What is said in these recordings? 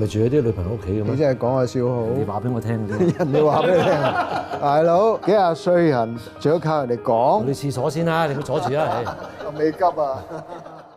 咪住喺啲女朋友屋企嘅咩？你真係講下笑好，你話俾我聽啲人，你話俾我聽啊，大佬幾廿歲人，仲要靠人哋講？去廁所先啦，你去阻住啦，我未急啊。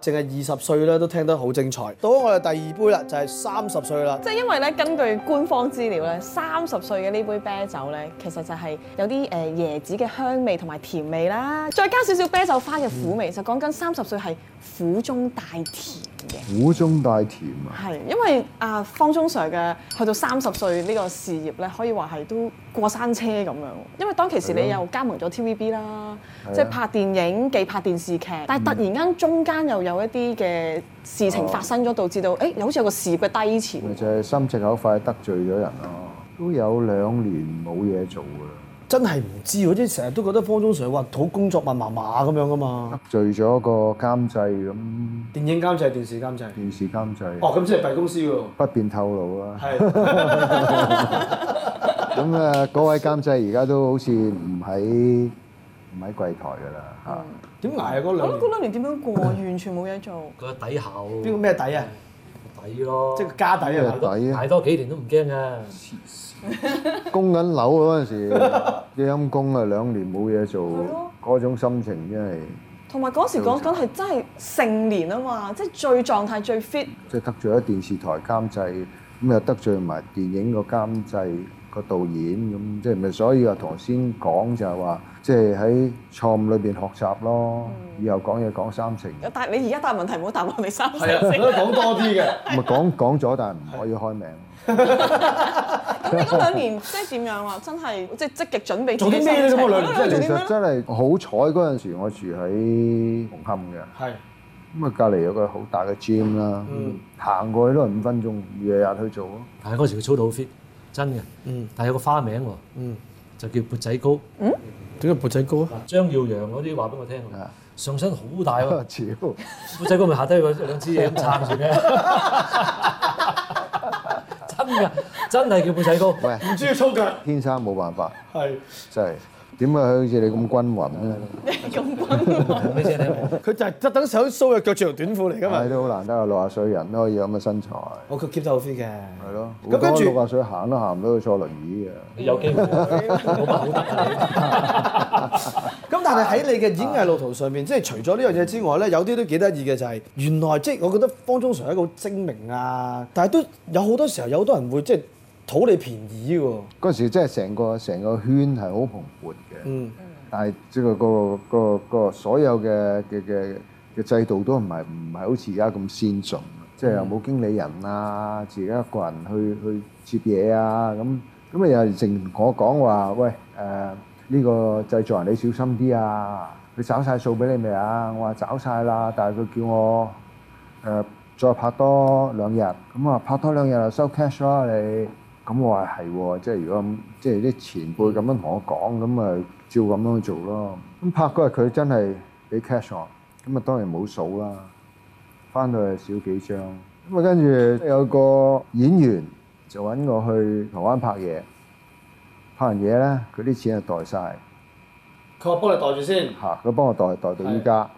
淨係二十歲咧都聽得好精彩，到咗我哋第二杯啦，就係三十歲啦。即係因為咧，根據官方資料咧，三十歲嘅呢杯啤酒咧，其實就係有啲誒椰子嘅香味同埋甜味啦，再加少少啤酒花嘅苦味，就講緊三十歲係苦中帶甜。苦中帶甜啊！係因為阿方中 Sir 嘅去到三十歲呢個事業咧，可以話係都過山車咁樣。因為當其時你又加盟咗 TVB 啦，即係拍電影、既拍電視劇，的但係突然間中間又有一啲嘅事情發生咗，的導致到誒，欸、好似有個事業嘅低潮。就係心直口快得罪咗人咯、哦，都有兩年冇嘢做㗎。真係唔知，我啲成日都覺得方中信話好工作慢麻麻咁樣㗎嘛？得罪咗個監製咁。電影監製、電視監製。電視監製。哦，咁即係弊公司喎。不便透露啊。咁啊，嗰位監製而家都好似唔喺唔喺櫃台㗎啦吓，點捱啊嗰兩？嗰兩年點樣過？完全冇嘢做。個底厚。邊個咩底啊？底咯，即係個家底啊，底。捱多幾年都唔驚啊。供緊樓嗰陣時，幾陰功啊，兩年冇嘢做，嗰種心情真係。同埋嗰時講緊係真係成年啊嘛，即係最狀態最 fit。即係得罪咗電視台監製，咁又得罪埋電影個監製個導演，咁即係咪所以話頭先講就係話，即係喺錯誤裏邊學習咯，以後講嘢講三成。但係你而家答問題冇答到你三成。係啊，講多啲嘅。唔係講講咗，但係唔可以開名。咁你兩年即係點樣啊？真係即係積極準備。做啲咩咧？咁啊兩年其實真係好彩嗰陣時，我住喺紅磡嘅。係。咁啊，隔離有個好大嘅 gym 啦，行過去都係五分鐘，日日去做咯。但係嗰時佢操到好 fit，真嘅。嗯。但係有個花名喎。嗯。就叫砵仔糕。嗯。點解砵仔糕啊？張耀揚嗰啲話俾我聽。上身好大喎。啊超！砵仔糕咪下低個兩支嘢咁撐住咩？ 真係叫背仔高喂，唔知要操腳， 天生冇辦法，係真係。就是點解佢好似你咁均勻咧，咁、 欸、均勻，佢 就係特登手粗嘅着穿條短褲嚟㗎嘛。係都好難得啊！六十歲人都可以有咁嘅身材。我佢 keep 得好 fit 嘅。係咯。咁跟住六十歲行都行唔到，要坐輪椅嘅。有機會，冇辦法。咁但係喺你嘅演藝路途上面，即係 除咗呢樣嘢之外咧，有啲都幾得意嘅就係、是、原來即係、就是、我覺得方中信係一個精明啊，但係都有好多時候有好多人會即係。就是討你便宜喎！嗰時真係成個成個圈係好蓬勃嘅，但係即係個個個個所有嘅嘅嘅嘅制度都唔係唔係好似而家咁先進，即係又冇經理人啊，自己一個人去去接嘢啊，咁咁啊又成我講話，喂，誒，呢個製作人你小心啲啊，佢找曬數俾你未啊？我話找曬啦，但係佢叫我誒再拍多兩日，咁啊拍多兩日收 cash 啦你。咁我話係喎，即係如果即係啲前輩咁樣同我講，咁啊照咁樣做咯。咁拍嗰日佢真係俾 cash 我，咁啊當然冇數啦。翻到去少幾張。咁啊跟住有個演員就揾我去台灣拍嘢，拍完嘢咧，佢啲錢啊袋晒。佢話幫你袋住先。嚇、啊！佢幫我袋袋到依家。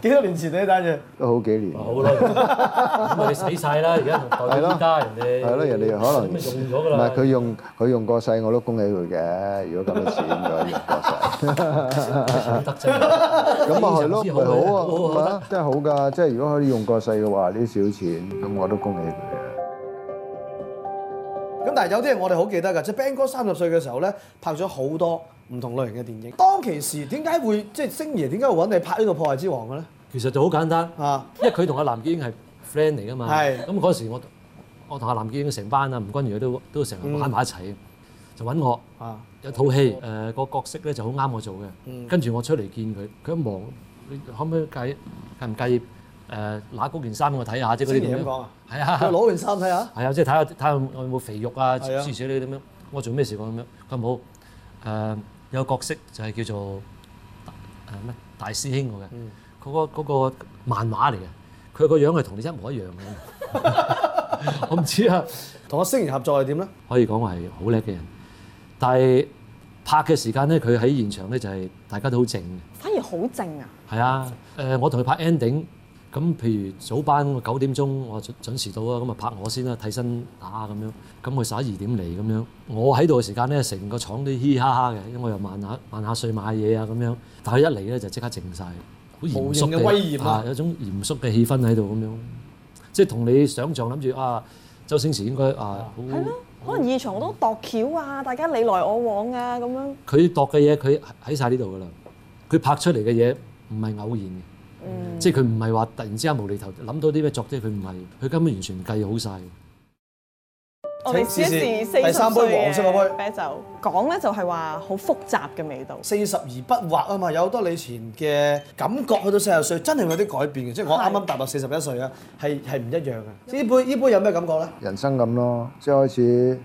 幾 多年前呢單嘢都好幾年，好耐。咁啊，你使曬啦，而了家同到老家人哋，係咯，人哋可能用咗㗎啦。唔係佢用，佢用過世，我都恭喜佢嘅。如果咁嘅錢可以用過世，得咁啊，係咯，係好啊，嘛，真係好㗎。即係如果可以用過世嘅話，啲少錢，咁、 嗯、 我都恭喜佢嘅。咁但係有啲人我哋好記得㗎，即、就、係、是、Ben 哥三十歲嘅時候咧，拍咗好多。唔同類型嘅電影，當其時點解會即係星爺點解會揾你拍呢個破壞之王嘅咧？其實就好簡單啊，因為佢同阿藍潔瑛係 friend 嚟噶嘛。係咁嗰時，我我同阿藍潔瑛成班啊，吳君如都都成日玩埋一齊，就揾我啊。有套戲誒，個角色咧就好啱我做嘅。跟住我出嚟見佢，佢一望，你可唔可以介介唔介意誒揦嗰件衫我睇下啫？先嚟講啊，係啊，攞件衫睇下。係啊，即係睇下睇下我有冇肥肉啊，諸如此類咁樣。我做咩事咁樣？佢冇誒。有個角色就係、是、叫做大咩大師兄嘅，嗰、嗯嗰個嗰個漫畫嚟嘅，佢個樣係同你一模一樣嘅， 我唔知啊。同我星爺合作係點咧？可以講我係好叻嘅人，但係拍嘅時間咧，佢喺現場咧就係大家都好靜嘅，反而好靜啊。係啊，誒我同佢拍 ending。咁譬如早班九點鐘，我準準時到啊。咁啊拍我先啦，替身打咁樣。咁佢十一二點嚟咁樣，我喺度嘅時間咧，成個廠都嘻嘻哈哈嘅，因為我又慢下慢下碎買嘢啊咁樣。但佢一嚟咧就即刻靜晒，好嚴肅嘅威嚴啦、啊啊，有種嚴肅嘅氣氛喺度咁樣。即係同你想象諗住啊，周星馳應該啊，係咯、啊，可能現場我都度橋啊，大家你來我往啊咁樣。佢度嘅嘢佢喺晒呢度㗎啦，佢拍出嚟嘅嘢唔係偶然嘅。嗯、即係佢唔係話突然之間無厘頭諗到啲咩作啫，佢唔係，佢根本完全唔計好晒。請試試第三杯黃色嘅啤酒，講咧就係話好複雜嘅味道。四十而不惑啊嘛，有好多你以前嘅感覺去到四十歲，真係有啲改變嘅。即係是我啱啱達到四十一歲啊，係係唔一樣嘅。呢是杯呢杯有咩感覺咧？人生咁咯，即係開始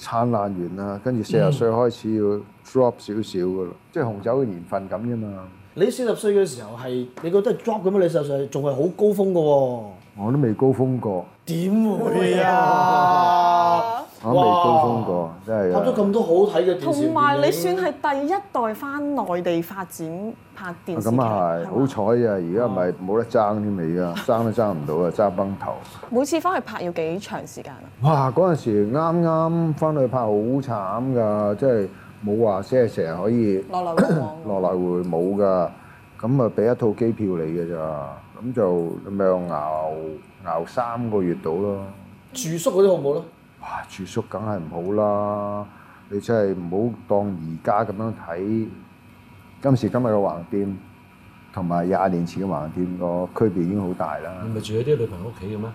燦爛完啦，跟住四十歲開始要 drop 少少噶啦，嗯、即係紅酒嘅年份咁啫嘛。你四十歲嘅時候係，你覺得係 drop 嘅咩？你實際仲係好高峰嘅喎、哦。我都未高峰過。點會啊？哇我未高峰過，真係拍咗咁多好睇嘅電同埋有影。你算係第一代翻內地發展拍電視劇咁啊係，好彩啊！而家唔咪冇得爭添啊！而家爭都爭唔到啊， 爭崩頭。每次翻去拍要幾長時間啊？哇！嗰陣時啱啱翻去拍好慘㗎，即係。冇話，即係成日可以落來回，落來回冇噶。咁啊，俾一套機票你嘅咋？咁就咁樣熬熬三個月到咯。住宿嗰啲好唔好咯？哇！住宿梗係唔好啦。你真係唔好當而家咁樣睇，今時今日嘅橫店同埋廿年前嘅橫店個區別已經好大啦。唔係住喺啲女朋友屋企嘅咩？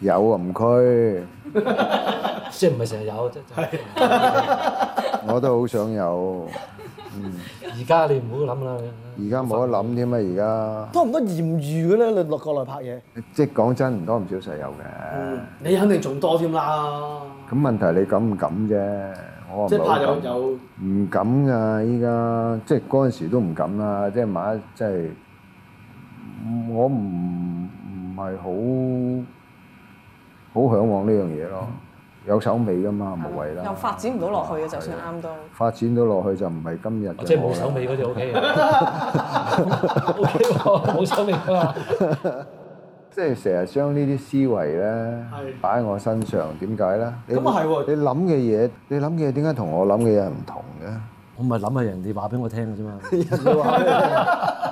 有啊，唔拘。即係唔係成日有啫？係。 我都好想有，而、嗯、家你唔好諗啦。而家冇得諗添啊！而家在多唔多豔遇嘅咧？你落國內拍嘢，即係講真，唔多唔少都有嘅、嗯。你肯定仲多添啦。咁問題你敢唔敢啫？我即係拍友有，有。唔敢啊，依家即係嗰陣時都唔敢啦。即係萬一，即係我唔唔係好好嚮往呢樣嘢咯。嗯有手尾㗎嘛，的無謂謂啦。又發展唔到落去啊，的就算啱都。發展到落去就唔係今日。即係冇手尾嗰隻 OK。OK，冇手尾㗎嘛。即係成日將呢啲思維咧擺喺我身上，點解咧？咁啊係喎。你諗嘅嘢，你諗嘅嘢點解同我諗嘅嘢係唔同嘅？我咪諗下人哋話俾我聽嘅啫嘛，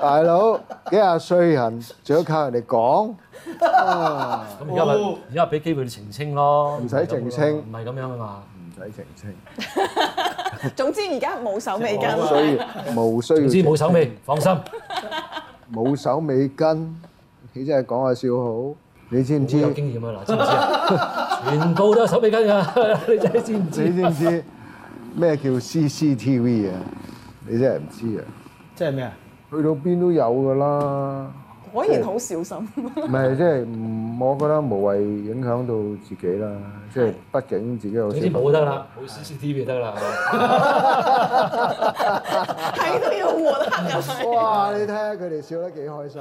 大佬幾廿歲人，仲要靠人哋講，咁而家係，而家係俾機會你澄清咯，唔使澄清，唔係咁樣啊嘛，唔使澄清。總之而家冇手尾根，冇需要，總之冇手尾，放心，冇手尾根，你真係講下笑好，你知唔知？有經驗啊，嗱，知唔知？全部都有手尾根㗎，你真係知唔知？你知唔知？咩叫 CCTV 啊？你真係唔知啊？即係咩啊？去到邊都有噶啦。果然好小心。唔係，即係我覺得無謂影響到自己啦。即係畢竟自己又。總之冇得啦，冇 CCTV 得啦。睇都要抹黑油。哇！你睇下佢哋笑得幾開心。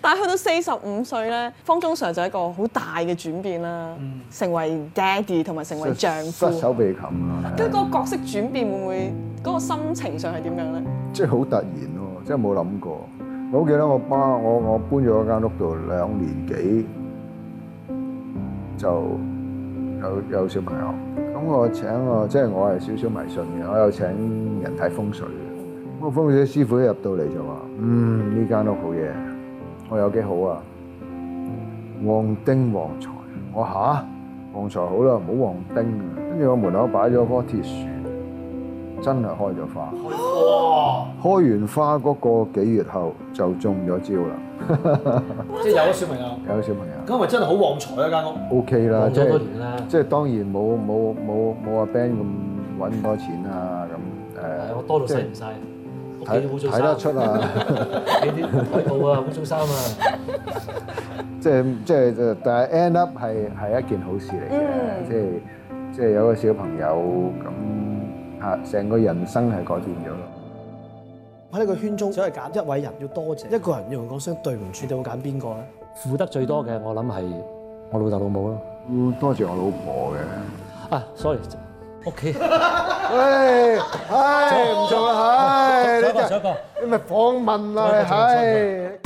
但係去到四十五歲咧，方中信就係一個好大嘅轉變啦，成為 daddy 同埋成為丈夫。失手被擒啦。跟住個角色轉變會唔會嗰個心情上係點樣咧？即係好突然咯，即係冇諗過。我記得我搬我我搬咗嗰間屋度兩年幾就有有小朋友，咁我請我即係我係少少迷信嘅，我有請人睇風水嘅。咁個風水師傅一入到嚟，就話：嗯，呢間屋好嘢，我有幾好啊，旺丁旺財。我吓，旺財好啦，唔好旺丁。跟住我門口擺咗棵鐵樹。真係開咗花，哇！開完花嗰個幾月後就中咗招啦，即係有咗小朋友，有咗小朋友，咁咪真係好旺財啊間屋，OK 啦，即係當然冇冇冇冇阿 Ben 咁搵咁多錢啦咁誒，我多到使唔曬，屋企會做睇得出啊，呢啲開鋪啊，會做衫啊，即係即係，但係 end up 係係一件好事嚟嘅，即係即係有個小朋友咁。啊！成個人生係改變咗咯。喺呢個圈中，只係揀一位人要多謝一個人，用嚟講聲對唔住，你會揀邊個咧？負得最多嘅，我諗係我老豆老母咯。嗯，多謝我老婆嘅。啊，sorry，OK 哎，哎，唔做啦，哎，你真你咪訪問啦，哎。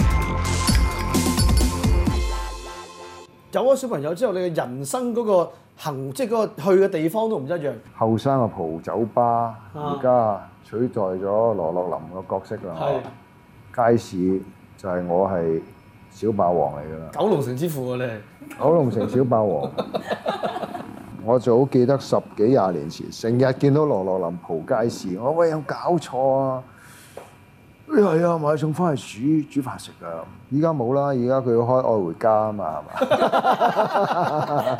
有咗小朋友之後，你嘅人生嗰個。行即係、那、嗰個去嘅地方都唔一樣。後生嘅蒲酒吧，而家、啊、取代咗羅樂林嘅角色啦。是街市就係我係小霸王嚟㗎啦。九龍城之父，啊，你係九龍城小霸王。 我好記得十幾廿年前，成日見到羅樂林蒲街市，我喂有搞錯啊！誒係啊，買餸翻去煮煮飯食㗎。依家冇啦，而家佢要開愛回家啊嘛，係嘛？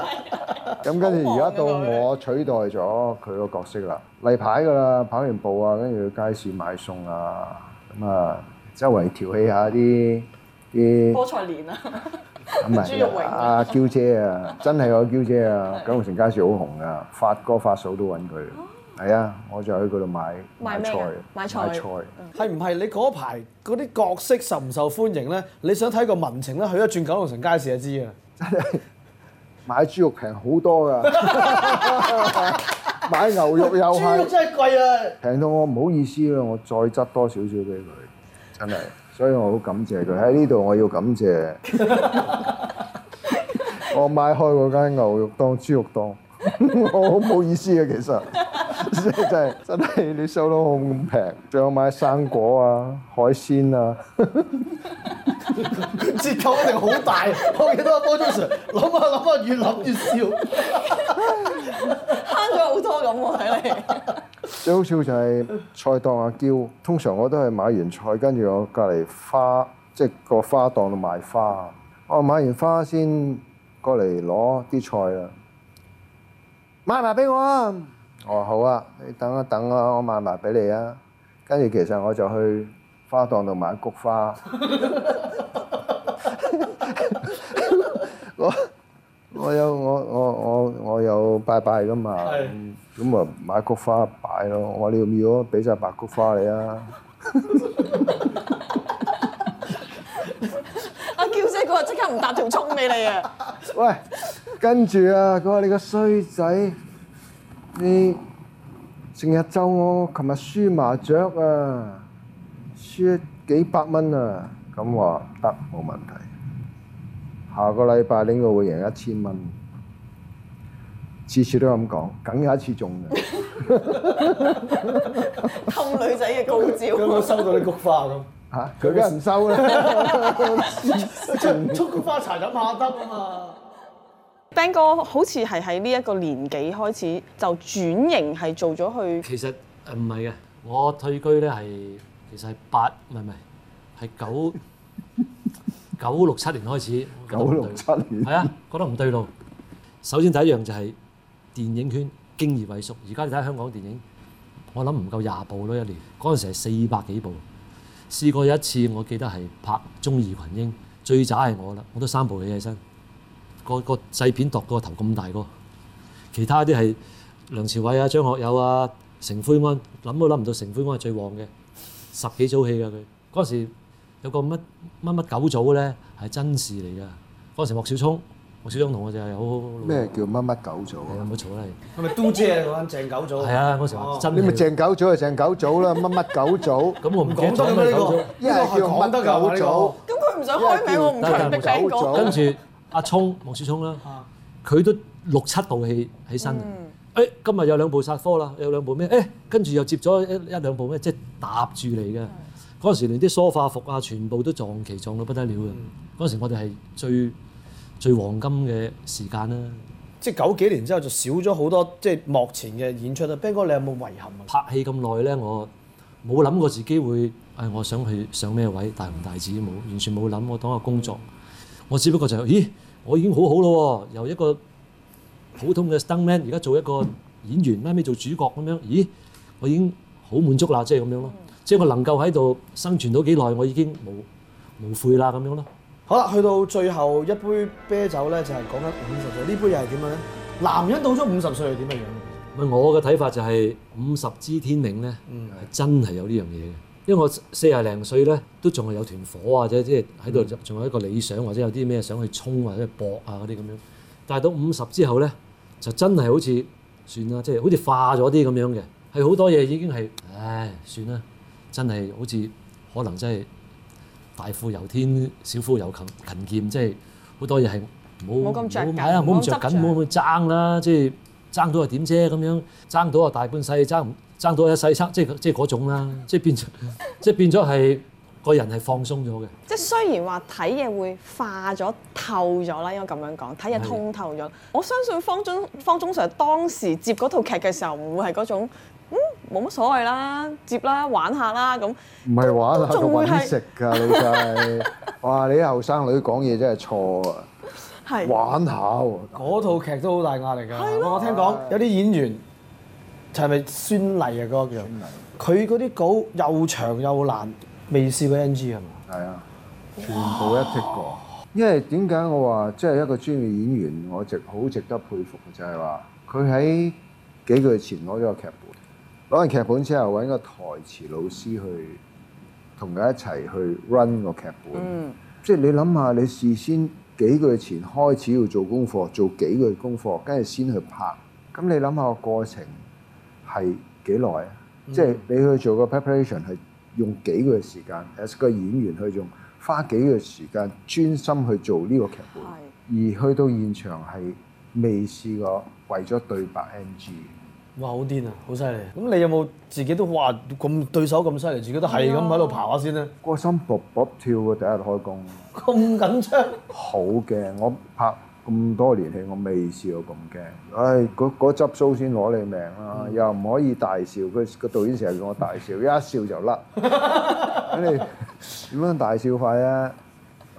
咁跟住而家到我取代咗佢個角色啦，例牌㗎啦，跑完步啊，跟住去街市買餸啊，咁啊，周圍調戲下啲啲菠菜鏈啊，唔係阿嬌姐啊，真係個嬌姐啊，九龍城街市好紅啊，發哥發嫂都揾佢。係啊，我就去嗰度買買菜買，買菜係唔係你嗰排嗰啲角色受唔受歡迎咧？你想睇個民情咧，去一轉九龍城街市就知啊！真係買豬肉平好多㗎， 買牛肉又係豬肉真係貴啊！平到我唔好意思啊，我再執多少少俾佢，真係，所以我好感謝佢喺呢度。我要感謝 我買開嗰間牛肉檔、豬肉檔， 我好唔好意思啊，其實。 真係真係你收到好咁平，仲有買生果啊、海鮮啊， 折扣一定好大。我記得當初時諗下諗下，越諗越笑，慳咗好多咁喎、啊，睇你， 最好笑就係菜檔阿嬌，通常我都係買完菜，跟住我隔離花，即係個花檔度賣花。我買完花先過嚟攞啲菜啊，買埋俾我啊！哦，好啊，你等一等啊，我買埋俾你啊。跟住其實我就去花檔度買菊花。我我有我我我我有拜拜噶嘛。咁啊買菊花擺咯。我話你要唔要啊？俾隻白菊花你啊。阿嬌姐佢話即刻唔搭條葱俾你啊。喂，跟住啊，佢話你個衰仔。你成、哎、日咒我，琴日輸麻雀啊，輸幾百蚊啊！咁話得冇問題，下個禮拜你應該會贏一千蚊。次次都咁講，梗有一次中嘅。氹 女仔嘅高招。有冇 收到啲菊花咁？嚇、啊！佢梗係唔收啦。抽 菊 花茶飲下得啊嘛～Ben 哥好似係喺呢一個年紀開始就轉型係做咗去，其實誒唔係嘅，我退居咧係其實八唔係唔係係九 九六七年開始，九六七年係啊，覺得唔對路。首先第一樣就係電影圈經已萎縮，而家你睇香港電影，我諗唔夠廿部咯一年。嗰陣時係四百幾部，試過有一次我記得係拍《忠義群英》，最渣係我啦，我都三部起起身。個個細片度個頭咁大個，其他啲係梁朝偉啊、張學友啊、成奎安，諗都諗唔到成奎安係最旺嘅，十幾組戲㗎佢。嗰陣時有個乜乜乜九組咧係真事嚟㗎。嗰陣時莫小聰，莫小聰同我就係好好。咩叫乜乜九組？係冇錯啦，係咪都姐講鄭九組？係啊，嗰陣時話真。你咪鄭九組啊，鄭九組啦，乜乜九組。咁我唔記得咗呢個，因為要揾得夠早。咁佢唔想開名喎，唔強迫佢講。跟住。阿聰黃小聰啦，佢都六七部戲起身啊、嗯欸！今日有兩部殺科啦，有兩部咩？誒、欸，跟住又接咗一一兩部咩？即係搭住嚟嘅。嗰陣、嗯、時連啲梳化服啊，全部都撞期撞到不得了嘅。嗰陣、嗯、時我哋係最最黃金嘅時間啦。即係九幾年之後就少咗好多即係幕前嘅演出啦。Ben 哥你有冇遺憾啊？拍戲咁耐咧，我冇諗過自己會誒，我想去上咩位大紅大紫冇，完全冇諗我當係工作。完全 我只不過就係、咦，我已經好好咯，由一個普通嘅 stuntman 而家做一個演員，拉尾做主角咁樣，咦，我已經好滿足啦，即係咁樣咯，即、就、係、是、我能夠喺度生存到幾耐，我已經冇無，無悔啦咁樣咯。好啦，去到最後一杯啤酒咧，就係講緊五十歲，呢杯又係點樣咧？男人到咗、就是、五十歲係點樣樣？唔係我嘅睇法就係五十知天命咧，係真係有呢樣嘢嘅。因為我四廿零歲咧，都仲係有團火啊，或者即係喺度，仲有一個理想，或者有啲咩想去衝或者搏啊嗰啲咁樣。但係到五十之後咧，就真係好似算啦，即係好似化咗啲咁樣嘅。係好多嘢已經係唉算啦，真係好似可能真係大富由天，小富由勤勤儉，即係好多嘢係唔好咁着緊，唔好咁爭啦，即係。爭到又點啫咁樣，爭到啊大半世，爭唔到一世爭，即係即係嗰種啦，即係變即係變咗係個人係放鬆咗嘅。即係雖然話睇嘢會化咗透咗啦，應該咁樣講，睇嘢通透咗。的我相信方中方中 Sir 當時接嗰套劇嘅時候，唔會係嗰種嗯冇乜所謂啦，接啦玩下啦咁。唔係玩啊，仲會食㗎老細。哇！你啲後生女講嘢真係錯啊！是玩下喎，嗰套劇都好大壓力㗎。的我聽講的有啲演員就係咪孫儷啊？嗰、嗰個叫，佢嗰啲稿又長又爛，未試過 NG 係嘛？係啊，全部一剔過。哇因為點解我話即係一個專業演員，我值好值得佩服嘅就係話，佢喺幾個月前攞咗個劇本，攞完劇本之後揾個台詞老師去同佢一齊去 run 個劇本。即係你諗下，你事先。 幾個月前開始要做功課，做幾個月功課，跟住先去拍。咁你諗下個過程係幾耐啊？嗯、即係你去做個 preparation 係用幾個時間，嗯、as 個演員去用花幾個時間專心去做呢個劇本，是的 而去到現場係未試過為咗對白 NG。哇！好癲啊，好犀利。咁你有冇自己都哇咁對手咁犀利，自己都係咁喺度爬下先咧？啊嗰個心卜卜跳嘅第一日開工，咁 緊張？好驚！我拍咁多年戲，我未試過咁驚。唉，嗰嗰執鬚先攞你命啦、啊，又唔可以大笑。佢個導演成日叫我大笑， 一笑就甩。咁 你點樣、嗰個、大笑快啊？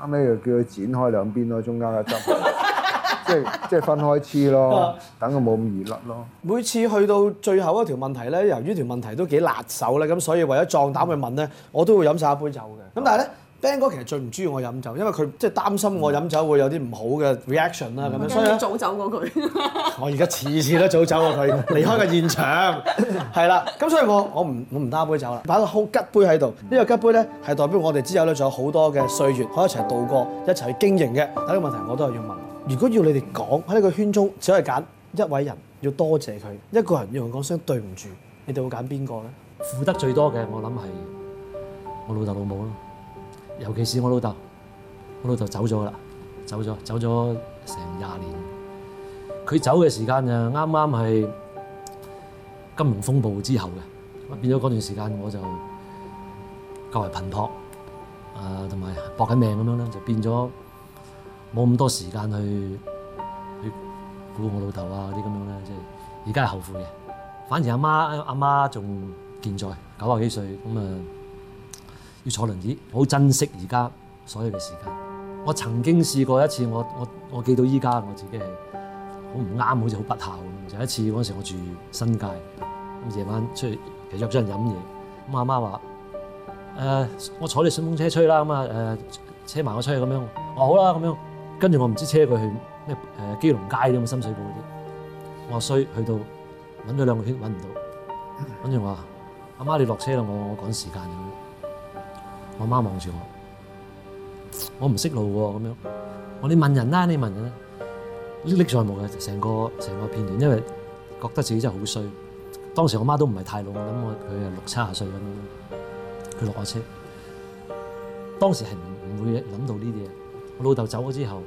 啱啱又叫佢剪開兩邊咯，中間一執。 即係分開黐咯，等佢冇咁易甩咯。每次去到最後一條問題咧，由於條問題都幾辣手喇，咁所以為咗壯膽去問咧，我都會飲晒一杯酒嘅。咁但係咧，Ben 哥其實最唔中意我飲酒，因為佢即係擔心我飲酒會有啲唔好嘅 reaction 啦、嗯。咁樣，所以早 走過佢。我而家次次都早走過佢，離開個現場係啦。咁 所以我我唔我唔擔杯酒啦，擺個好吉杯喺度。呢、嗯、個吉杯咧係代表我哋之後咧仲有好多嘅歲月可以一齊度過， 一齊去經營嘅。第一個問題我都係要問。如果要你哋講喺呢個圈中，只可以揀一位人要多謝佢，一個人要講聲對唔住，你哋會揀邊個咧？負得最多嘅，我諗係我老豆老母咯，尤其是我老豆，我老豆走咗啦，走咗走咗成廿年。佢走嘅時間就啱啱係金融風暴之後嘅，變咗嗰段時間我就較為頻撲，誒同埋搏緊命咁樣咧，就變咗。冇咁多時間去去顧我老豆啊，嗰啲咁樣咧，即係而家係後悔嘅。反而阿媽，阿媽仲健在，九啊幾歲咁啊、嗯，要坐輪椅，好珍惜而家所有嘅時間。我曾經試過一次，我我我記到依家，我自己係好唔啱，好似好不孝咁。就一次嗰陣時，我住新界，咁夜晚出去，其實約咗人飲嘢。咁、嗯、阿媽話，誒、呃，我坐你順風車吹啦，咁、嗯、啊，誒、呃，車埋我出去咁樣。哦，好啦，咁樣。跟住我唔知車佢去咩，誒，基隆街咁，深水埗嗰啲。我衰去到揾咗兩個圈揾唔到，跟住我話，阿媽你落車啦，我我趕時間咁。我媽望住我，我唔識路喎咁樣。我哋問人啦，你問人啦，歷歷在目嘅成個成個片段，因為覺得自己真係好衰。當時我媽都唔係太老，我諗我佢係六七十歲咁樣，佢落咗車。當時係唔會諗到呢啲嘢。我老豆走咗之後，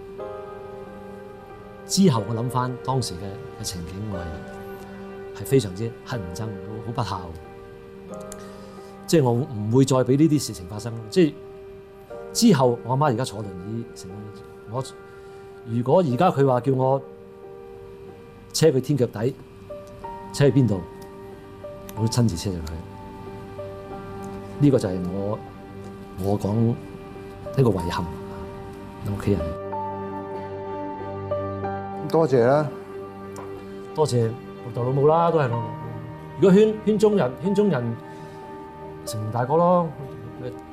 之後我諗翻當時嘅嘅情景，我係係非常之乞人憎，好不孝。即係我唔會再俾呢啲事情發生。即係之後我阿媽而家坐輪椅，我,在在我如果而家佢話叫我車去天腳底，車去邊度，我都親自車上去。呢個就係我我講呢個遺憾。我屋企人，多謝啦，多謝我老豆老母啦，都係咯。如果圈圈中人，圈中人成年大哥咯，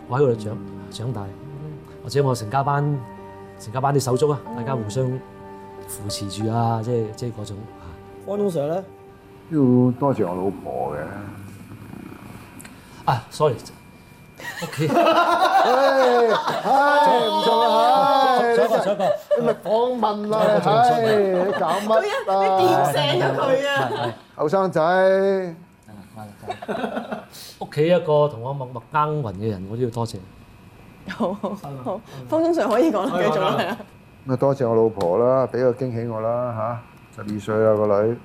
我喺度長長大，或者我成家班，成家班啲手足啊，大家互相扶持住啊，即係即係嗰種。方中 Sir 咧，要多謝我老婆嘅。啊，sorry。屋企，唉，唉，仲係，你咪訪問啊，唉，你搞乜啊？點寫佢啊？後生仔，啊，關啦，屋企一個同我默默耕耘嘅人，我都要多謝。好好，方中信可以講啦，繼續啦。咁啊，多謝我老婆啦，俾個驚喜我啦嚇，十二歲啊個女。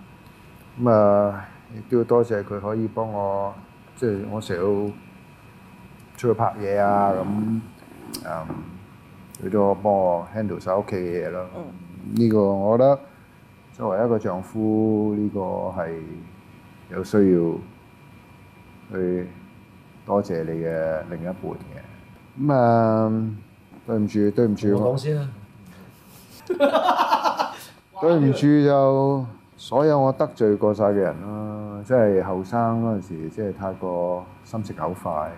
咁啊，亦都要多謝佢可以幫我，即係我成日要。出去拍嘢啊咁，誒、嗯，最多、嗯、幫我 handle 下屋企嘅嘢咯。呢、嗯、個我覺得作為一個丈夫，呢、呢個係有需要去多謝你嘅另一半嘅。咁、嗯、啊、嗯，對唔住，對唔住，我講先啦。對唔住就所有我得罪過晒嘅人啦、啊，即係後生嗰陣時，即係太過心直口快。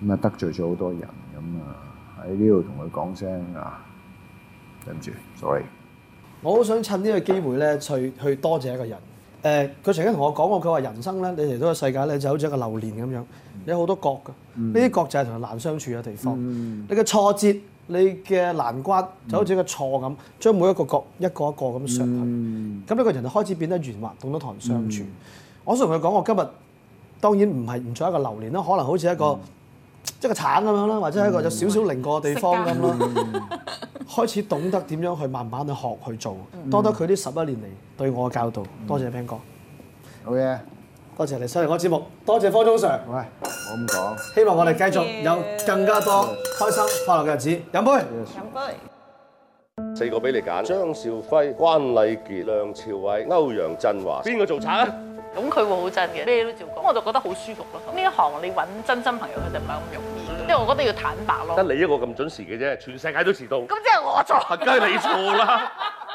咁啊得罪咗好多人，咁啊喺呢度同佢講聲啊，對唔住，sorry。我好想趁呢個機會咧，去去多謝一個人。誒，佢曾經同我講過，佢話人生咧，你嚟到個世界咧，就好似一個榴蓮咁樣，有好多角㗎。呢啲角就係同佢難相處嘅地方。你嘅挫折，你嘅難關，就好似一個錯咁，將每一個角一個一個咁上去。咁呢個人就開始變得圓滑，懂得同人相處。我想同佢講，我今日當然唔係唔做一個榴蓮啦，可能好似一個。即一個鏟咁樣啦，或者係一個有少少靈覺嘅地方咁咯，嗯、開始懂得點樣去慢慢去學，去做，嗯、多得佢呢十一年嚟對我嘅教導。嗯、多謝 Ben 哥。好嘅棒，多謝你收嚟我個節目，多謝方宗常。喂，我唔講。希望我哋繼續有更加多開心快樂嘅日子。飲杯，飲杯。杯四個俾你揀：張兆輝、關禮傑、梁朝偉、歐陽振華，邊個做鏟啊？咁佢會好真嘅，咩都照講，我就覺得好舒服咯。呢一行你揾真心朋友，佢就唔係咁容易，因為我覺得要坦白咯。得你一個咁準時嘅啫，全世界都遲到。咁即係我錯。梗係你錯啦。